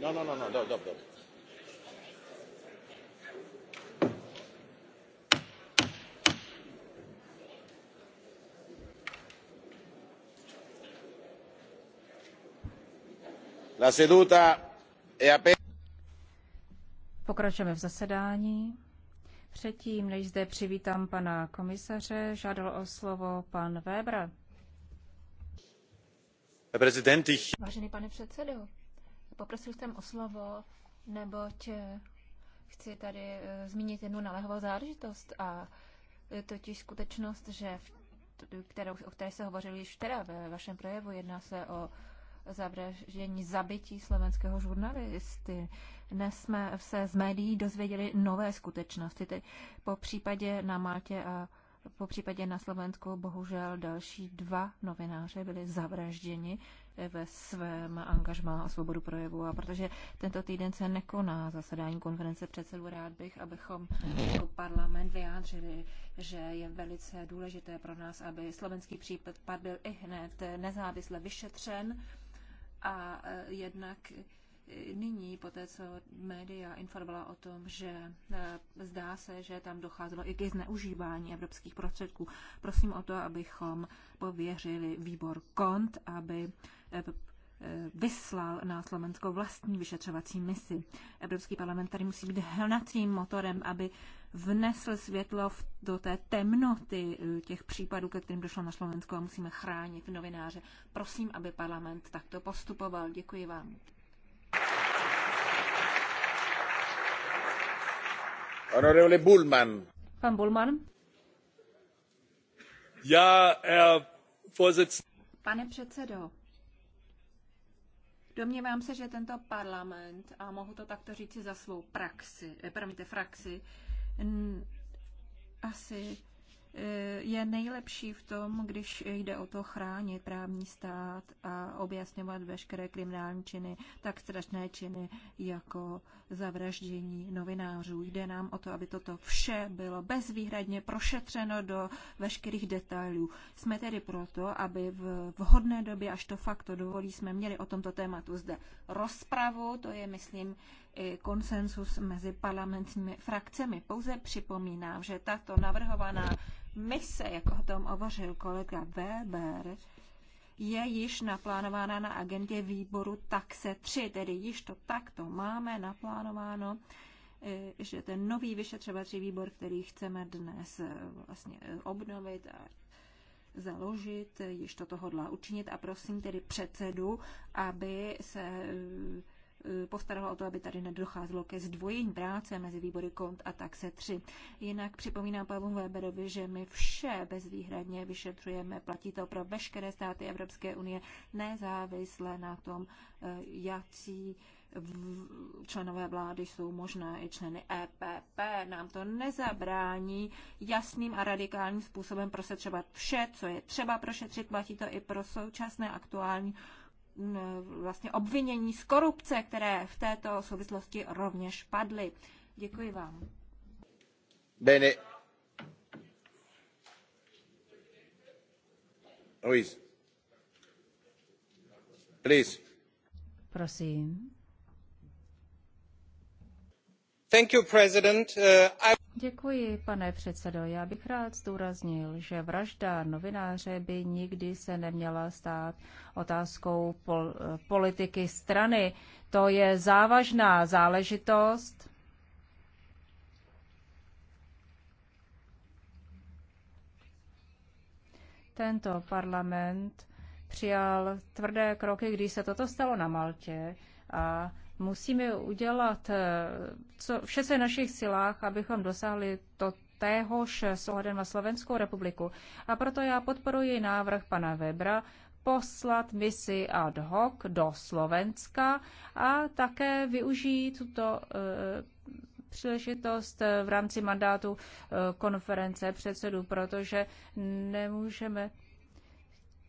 No, no, no, no, dobře, dobře. dob. La seduta è aperta. Pokračujeme v zasedání. Předtím, než zde přivítám pana komisaře, žádal o slovo pan Weber. Vážený pane předsedo, poprosil jsem o slovo, neboť eh, chci tady eh, zmínit jednu naléhovou záležitost a eh, totiž skutečnost, že v, kterou, o které se hovořil již včera ve vašem projevu, jedná se o zavraždění zabití slovenského žurnalisty. Dnes jsme se z médií dozvěděli nové skutečnosti. po případě na Maltě a po případě na Slovensku bohužel další dva novináře byli zavražděni ve svém angažmá a svobodu projevu. A protože tento týden se nekoná zasedání konference předsedů, rád bych, abychom jako parlament vyjádřili, že je velice důležité pro nás, aby slovenský případ byl i hned nezávisle vyšetřen a e, jednak nyní, po té, co média informovala o tom, že eh, zdá se, že tam docházelo i ke zneužívání evropských prostředků, prosím o to, abychom pověřili výbor KONT, aby eh, eh, vyslal na Slovensko vlastní vyšetřovací misi. Evropský parlament tady musí být hnacím motorem, aby vnesl světlo do té temnoty těch případů, ke kterým došlo na Slovensko a musíme chránit novináře. Prosím, aby parlament takto postupoval. Děkuji vám. Pan Bullman. Já, Pane předsedo, domnívám se, že tento parlament, a mohu to takto říci za svou praxi, eh, promiňte, frakci n, asi Eh, je nejlepší v tom, když jde o to chránit právní stát a objasňovat veškeré kriminální činy, tak strašné činy jako zavraždění novinářů. Jde nám o to, aby toto vše bylo bezvýhradně prošetřeno do veškerých detailů. Jsme tedy proto, aby v vhodné době, až to fakt to dovolí, jsme měli o tomto tématu zde rozpravu. To je, myslím, konsensus mezi parlamentními frakcemi. Pouze připomínám, že tato navrhovaná mise, jak o tom hovořil kolega Weber, je již naplánována na agendě výboru taxe 3, tedy již to takto máme naplánováno, e, že ten nový vyšetřovací výbor, který chceme dnes e, vlastně e, obnovit a založit, již toto hodlá učinit a prosím tedy předsedu, aby se Eh, postarala o to, aby tady nedocházelo ke zdvojení práce mezi výbory kont a taxe 3. Jinak připomínám Pavlu Weberovi, že my vše bezvýhradně vyšetřujeme, platí to pro veškeré státy Evropské unie, nezávisle na tom, eh, jaký členové vlády jsou možná i členy EPP. Nám to nezabrání jasným a radikálním způsobem prosetřovat vše, co je třeba prošetřit. Platí to i pro současné aktuální vlastně obvinění z korupce, které v této souvislosti rovněž padly. Děkuji vám. Bene. Luis. Please. Prosím. Thank you, President. Uh, I... Děkuji, pane předsedo. Já bych rád zdůraznil, že vražda novináře by nikdy se neměla stát otázkou pol- politiky strany. To je závažná záležitost. Tento parlament přijal tvrdé kroky, když se toto stalo na Maltě a Musíme udělat eh, co, vše, se v našich silách, abychom dosáhli to téhož s ohledem na Slovenskou republiku. A proto já podporuji návrh pana Webra poslat misi ad hoc do Slovenska a také využít tuto eh, příležitost eh, v rámci mandátu konference předsedů, protože nemůžeme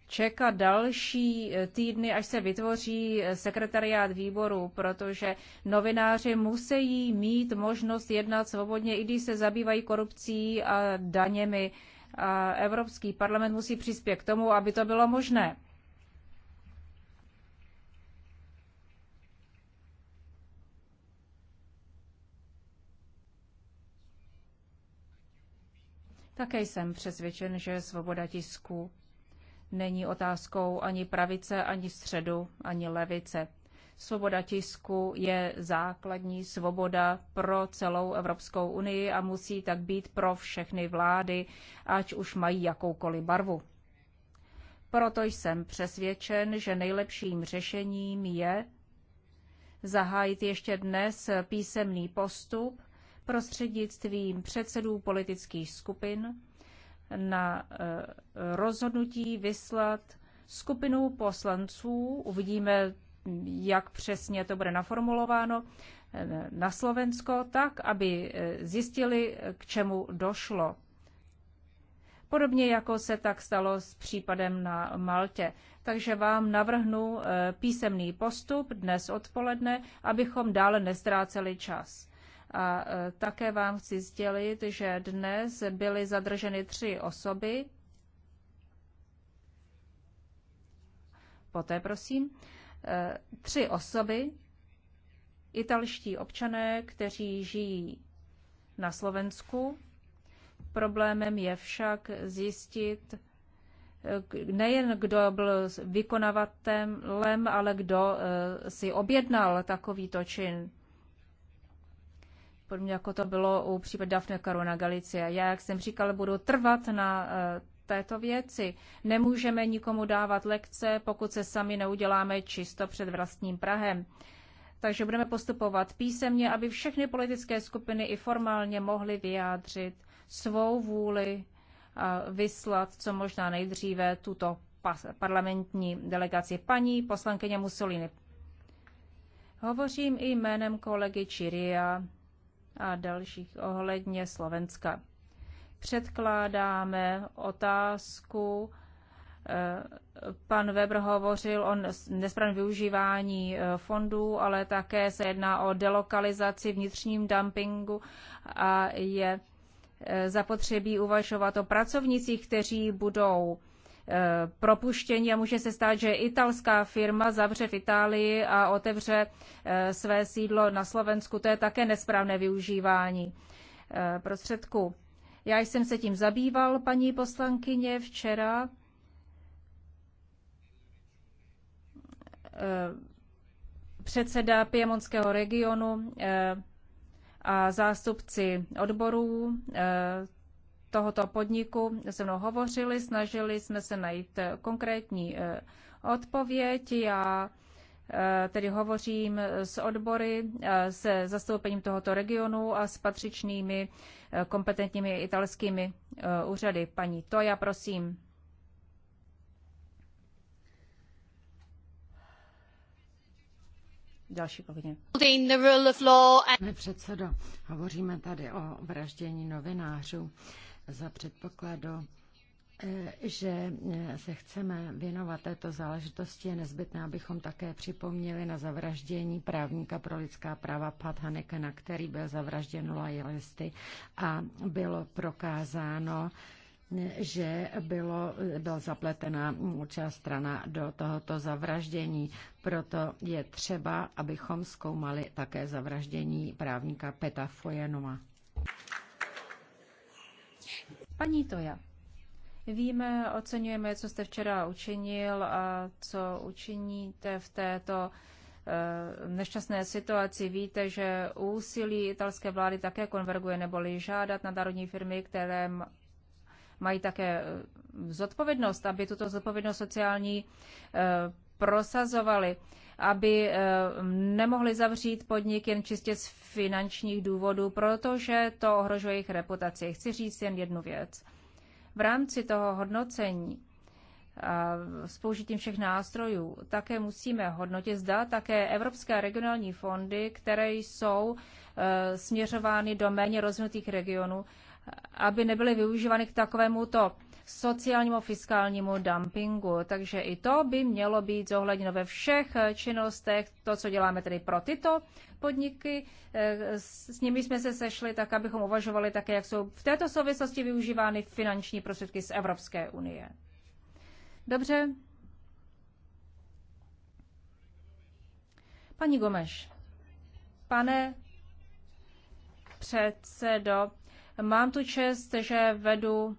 čekat další eh, týdny, až se vytvoří eh, sekretariát výboru, protože novináři musí mít možnost jednat svobodně, i když se zabývají korupcí a daněmi. A Evropský parlament musí přispět k tomu, aby to bylo možné. Také jsem přesvědčen, že svoboda tisku není otázkou ani pravice, ani středu, ani levice. Svoboda tisku je základní svoboda pro celou Evropskou unii a musí tak být pro všechny vlády, ať už mají jakoukoliv barvu. Proto jsem přesvědčen, že nejlepším řešením je zahájit ještě dnes písemný postup prostřednictvím předsedů politických skupin na eh, rozhodnutí vyslat skupinu poslanců, uvidíme, jak přesně to bude naformulováno, eh, na Slovensko, tak, aby eh, zjistili, k čemu došlo. Podobně jako se tak stalo s případem na Maltě. Takže vám navrhnu písemný postup dnes odpoledne, abychom dále nestráceli čas. A e, také vám chci sdělit, že dnes byly zadrženy tři osoby. Poté prosím. E, tři osoby, italští občané, kteří žijí na Slovensku. Problémem je však zjistit, e, nejen kdo byl vykonavatelem, ale kdo si objednal takovýto čin podobně jako to bylo u případu Daphne Karuna Galicie. Já, jak jsem říkal, budu trvat na eh, této věci. Nemůžeme nikomu dávat lekce, pokud se sami neuděláme čisto před vlastním Prahem. Takže budeme postupovat písemně, aby všechny politické skupiny i formálně mohly vyjádřit svou vůli a vyslat co možná nejdříve tuto parlamentní delegaci. Paní poslankyně Mussolini, hovořím i jménem kolegy Čiria, a dalších ohledně Slovenska. Předkládáme otázku. Eh, pan Weber hovořil o nesprávném využívání eh, fondů, ale také se jedná o delokalizaci vnitřním dumpingu a je eh, zapotřebí uvažovat o pracovnicích, kteří budou Eh, propuštění a může se stát, že italská firma zavře v Itálii a otevře eh, své sídlo na Slovensku. To je také nesprávné využívání eh, prostředků. Já jsem se tím zabýval, paní poslankyně, včera. Předseda Piemonského regionu a zástupci odborů tohoto podniku se mnou hovořili, snažili jsme se najít eh, konkrétní eh, odpověď. Já eh, tedy hovořím s odbory, se zastoupením tohoto regionu a s patřičnými kompetentními italskými úřady. Paní Toja, prosím. Další povinně. Pane předsedo, hovoříme tady o vraždění novinářů za předpokladu, e, že e, se chceme věnovat této záležitosti, je nezbytné, abychom také připomněli na zavraždění právníka pro lidská práva Pat Hanekena, který byl zavražděn lojalisty a bylo prokázáno, e, že bylo, byla zapletena určitá strana do tohoto zavraždění. Proto je třeba, abychom zkoumali také zavraždění právníka Peta Fojenova. Paní Toja, víme, oceňujeme, co jste včera učinil a co učiníte v této eh, nešťastné situaci. Víte, že úsilí italské vlády také konverguje, neboli žádat na národní firmy, které mají také eh, zodpovědnost, aby tuto zodpovědnost sociální eh, prosazovali aby eh, nemohli zavřít podnik jen čistě z finančních důvodů, protože to ohrožuje jejich reputaci. Chci říct jen jednu věc. V rámci toho hodnocení s použitím všech nástrojů. Také musíme hodnotit, zda také evropské a regionální fondy, které jsou eh, směřovány do méně rozvinutých regionů, aby nebyly využívány k takovému to sociálnímu fiskálnímu dumpingu. Takže i to by mělo být zohledněno ve všech eh, činnostech, to, co děláme tedy pro tyto podniky. Eh, s nimi jsme se sešli tak, abychom uvažovali také, jak jsou v této souvislosti využívány finanční prostředky z Evropské unie. Dobře. Paní Gomeš, pane předsedo, mám tu čest, že vedu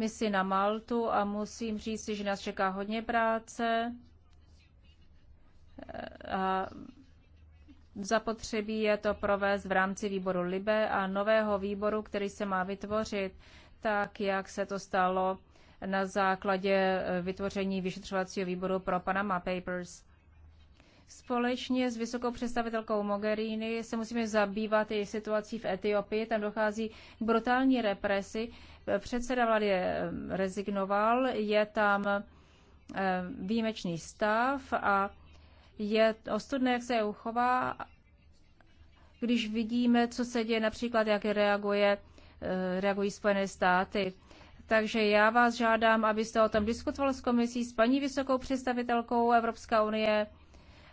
misi na Maltu a musím říct, že nás čeká hodně práce. Eh, a zapotřebí je to provést v rámci výboru LIBE a nového výboru, který se má vytvořit, tak jak se to stalo na základě eh, vytvoření vyšetřovacího výboru pro Panama Papers. Společně s vysokou představitelkou Mogherini se musíme zabývat i situací v Etiopii. Tam dochází k brutální represi. Předseda vlády eh, rezignoval, je tam eh, výjimečný stav a je ostudné, jak se je uchová, když vidíme, co se děje, například jak reaguje, eh, reagují Spojené státy. Takže já vás žádám, abyste o tom diskutoval s komisí, s paní vysokou představitelkou Evropská unie,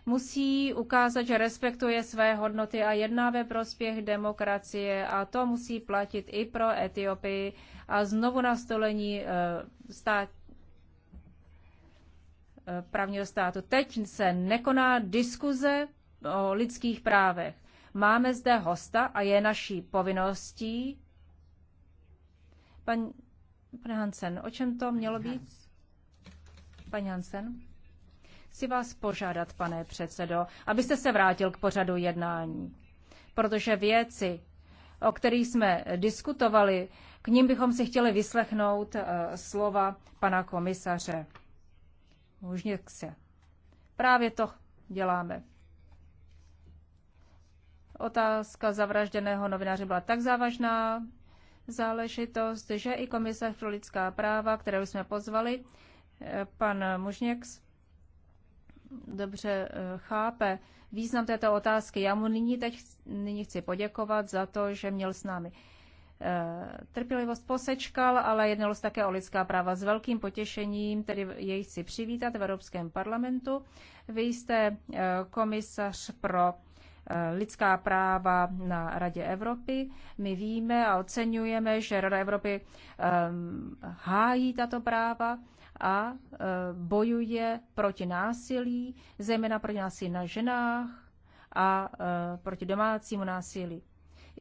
musí ukázat, že respektuje své hodnoty a jedná ve prospěch demokracie a to musí platit i pro Etiopii a znovu nastolení eh, stát, eh, právního státu. Teď se nekoná diskuze o lidských právech. Máme zde hosta a je naší povinností. Pan, pan Hansen, o čem to mělo být? Pan Hansen chci vás požádat, pane předsedo, abyste se vrátil k pořadu jednání. Protože věci, o kterých jsme diskutovali, k ním bychom si chtěli vyslechnout eh, slova pana komisaře. Možně se. Právě to děláme. Otázka zavražděného novináře byla tak závažná záležitost, že i komisař pro lidská práva, kterou jsme pozvali, eh, pan Mužněks, dobře eh, chápe význam této otázky. Já mu nyní teď nyní chci poděkovat za to, že měl s námi eh, trpělivost posečkal, ale jednalo se také o lidská práva. S velkým potěšením tedy jej chci přivítat v Evropském parlamentu. Vy jste eh, komisař pro lidská práva na Radě Evropy. My víme a oceňujeme, že Rada Evropy hájí tato práva a e, bojuje proti násilí, zejména proti násilí na ženách a e, proti domácímu násilí.